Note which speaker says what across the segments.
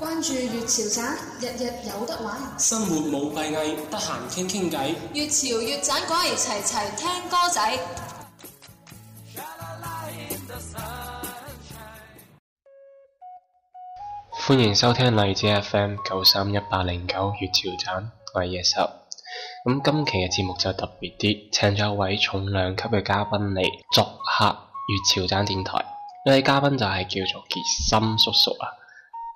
Speaker 1: 關注粵潮盞，日日有得玩。生活冇閉翳，得閒傾傾偈。粵潮粵盞，講嚟齊齊聽歌仔。歡迎收聽荔枝 FM 九三一八零九粵潮盞，我係夜十。咁今期嘅節目就特別啲，請咗一位重量級嘅嘉賓嚟作客粵潮盞電台。呢位嘉賓就係叫做傑森叔叔啦。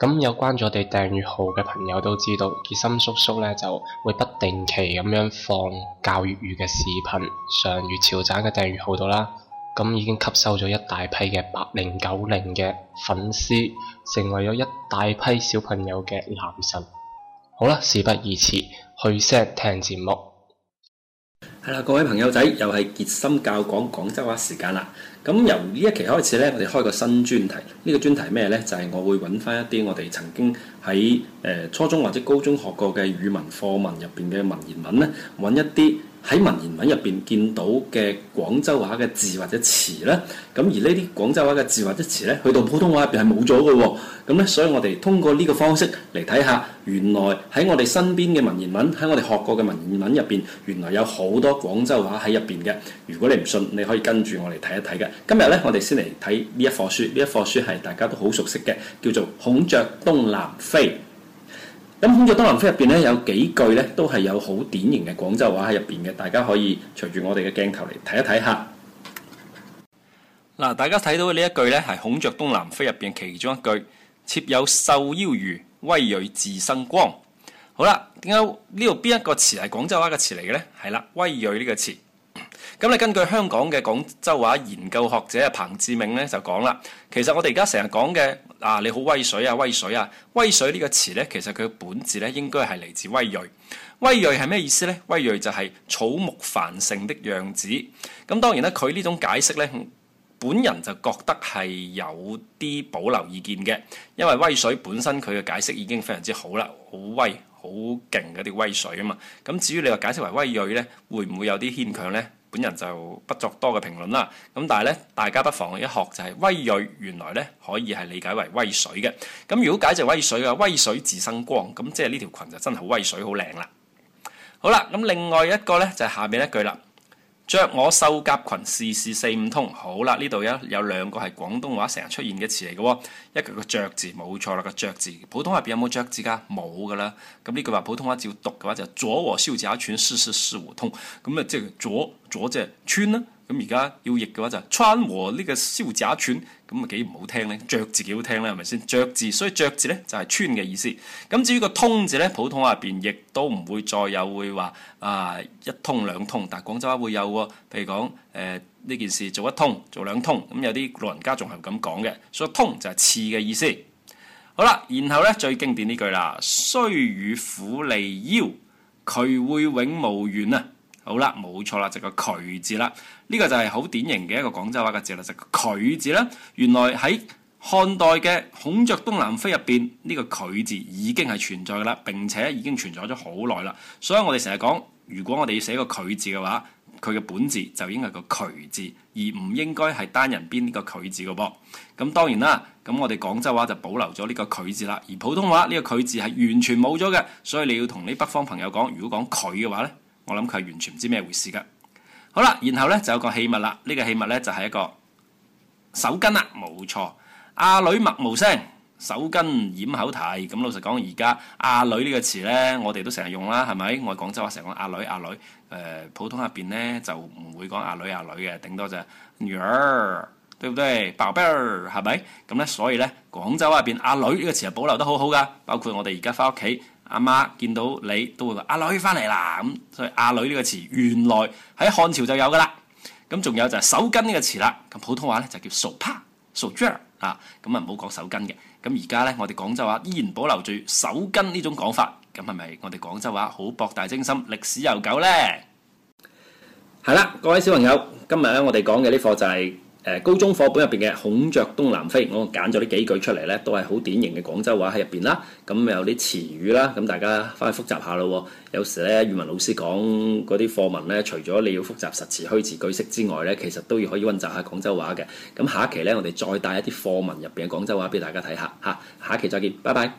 Speaker 1: 咁、嗯、有關咗我哋訂閱號嘅朋友都知道，傑森叔叔咧就會不定期咁樣放教粵語嘅視頻上粵潮汕嘅訂閱號度啦。咁、嗯、已經吸收咗一大批嘅八零九零嘅粉絲，成為咗一大批小朋友嘅男神。好啦，事不宜遲，去聲聽節目。
Speaker 2: 係啦，Hello，各位朋友仔，又係杰心教講廣州話時間啦。咁、嗯、由呢一期開始咧，我哋開個新專題。這個、專題呢個專題咩咧？就係、是、我會揾返一啲我哋曾經喺誒、呃、初中或者高中學過嘅語文課文入邊嘅文言文咧，揾一啲。喺文言文入邊見到嘅廣州話嘅字或者詞呢，咁而呢啲廣州話嘅字或者詞呢，去到普通話入邊係冇咗嘅喎。咁、嗯、呢，所以我哋通過呢個方式嚟睇下，原來喺我哋身邊嘅文言文，喺我哋學過嘅文言文入邊，原來有好多廣州話喺入邊嘅。如果你唔信，你可以跟住我嚟睇一睇嘅。今日呢，我哋先嚟睇呢一課書，呢一課書係大家都好熟悉嘅，叫做《孔雀東南飛》。咁孔雀東南飛入邊咧，有幾句咧都係有好典型嘅廣州話喺入邊嘅，大家可以隨住我哋嘅鏡頭嚟睇一睇下。嗱，大家睇到嘅呢一句咧係《孔雀東南飛》入邊其中一句，妾有繡腰襦，葳蕤自生光。好啦，點解呢度邊一個詞係廣州話嘅詞嚟嘅咧？係啦，葳蕤呢個詞。咁你根據香港嘅廣州話研究學者啊，彭志銘咧就講啦，其實我哋而家成日講嘅啊，你好威水啊，威水啊，威水個詞呢個詞咧，其實佢嘅本字咧應該係嚟自葳蕤。葳蕤係咩意思咧？葳蕤就係草木繁盛的樣子。咁當然啦，佢呢種解釋咧，本人就覺得係有啲保留意見嘅，因為威水本身佢嘅解釋已經非常之好啦，好威好勁嗰啲威水啊嘛。咁至於你話解釋為葳蕤咧，會唔會有啲牽強咧？本人就不作多嘅評論啦，咁但係咧，大家不妨一學就係威鋭，原來咧可以係理解為威水嘅。咁如果解就威水嘅，威水自生光，咁即係呢條裙就真係好威水，好靚啦。好啦，咁另外一個咧就係、是、下面一句啦。着我繡夾裙，事事四五通。好啦，呢度有有兩個係廣東話成日出現嘅詞嚟嘅、哦，一個個着字冇錯啦，個着字普通話入邊有冇着字噶？冇噶啦。咁呢句話普通話照讀嘅話就是、左和繡夾裙，事事四五通。咁啊，即係左左即係穿啦。咁而家要譯嘅話就係穿和呢個燒炸串，咁啊幾唔好聽呢？「着字幾好聽呢？係咪先？着字，所以着字呢，就係穿嘅意思。咁至於個通字呢，普通話入邊亦都唔會再有會話啊一通兩通，但係廣州話會有喎、哦。譬如講誒呢件事做一通做兩通，咁有啲老人家仲係咁講嘅。所以通就係刺」嘅意思。好啦，然後呢，最經典呢句啦，雖與苦離腰，佢會永無緣啊！好啦，冇錯啦，就是、個渠字啦，呢、這個就係好典型嘅一個廣州話嘅字啦，就是、個渠字啦。原來喺漢代嘅《孔雀東南飛》入邊，呢個渠字已經係存在噶啦，並且已經存在咗好耐啦。所以我哋成日講，如果我哋要寫個佢字嘅話，佢嘅本字就應該係個渠字，而唔應該係單人邊呢個佢字嘅噃。咁當然啦，咁我哋廣州話就保留咗呢個渠字啦，而普通話呢個渠字係完全冇咗嘅。所以你要同你北方朋友講，如果講渠嘅話呢。我諗佢係完全唔知咩回事㗎。好啦，然後呢就有個器物啦，呢、這個器物呢，就係、是、一個手巾啦，冇錯。阿、啊、女默無聲，手巾掩口啼。咁、嗯、老實講，而家阿女呢個詞呢，我哋都成日用啦，係咪？我廣州話，成日講阿女阿、啊、女。誒、呃，普通入邊呢就唔會講阿、啊、女阿、啊、女嘅，頂多就女、是、兒，對唔對？包嬸，係咪？咁呢，所以呢，廣州話入邊阿女呢個詞係保留得好好㗎，包括我哋而家返屋企。阿媽見到你都會話：阿女翻嚟啦！咁所以阿女呢個詞原來喺漢朝就有噶啦。咁仲有就係手巾呢個詞啦。咁普通話咧就叫手帕、手巾啊。咁啊唔好講手巾嘅。咁而家咧我哋廣州話依然保留住手巾呢種講法。咁係咪我哋廣州話好博大精深、歷史悠久呢？係啦，各位小朋友，今日咧我哋講嘅呢課就係、是。誒高中課本入邊嘅《孔雀東南飛》，我揀咗呢幾句出嚟呢都係好典型嘅廣州話喺入邊啦。咁有啲詞語啦，咁大家翻去複習下咯。有時呢，語文老師講嗰啲課文呢，除咗你要複習實詞、虛詞、句式之外呢，其實都要可以温習下廣州話嘅。咁下一期呢，我哋再帶一啲課文入邊嘅廣州話俾大家睇下嚇。下期再見，拜拜。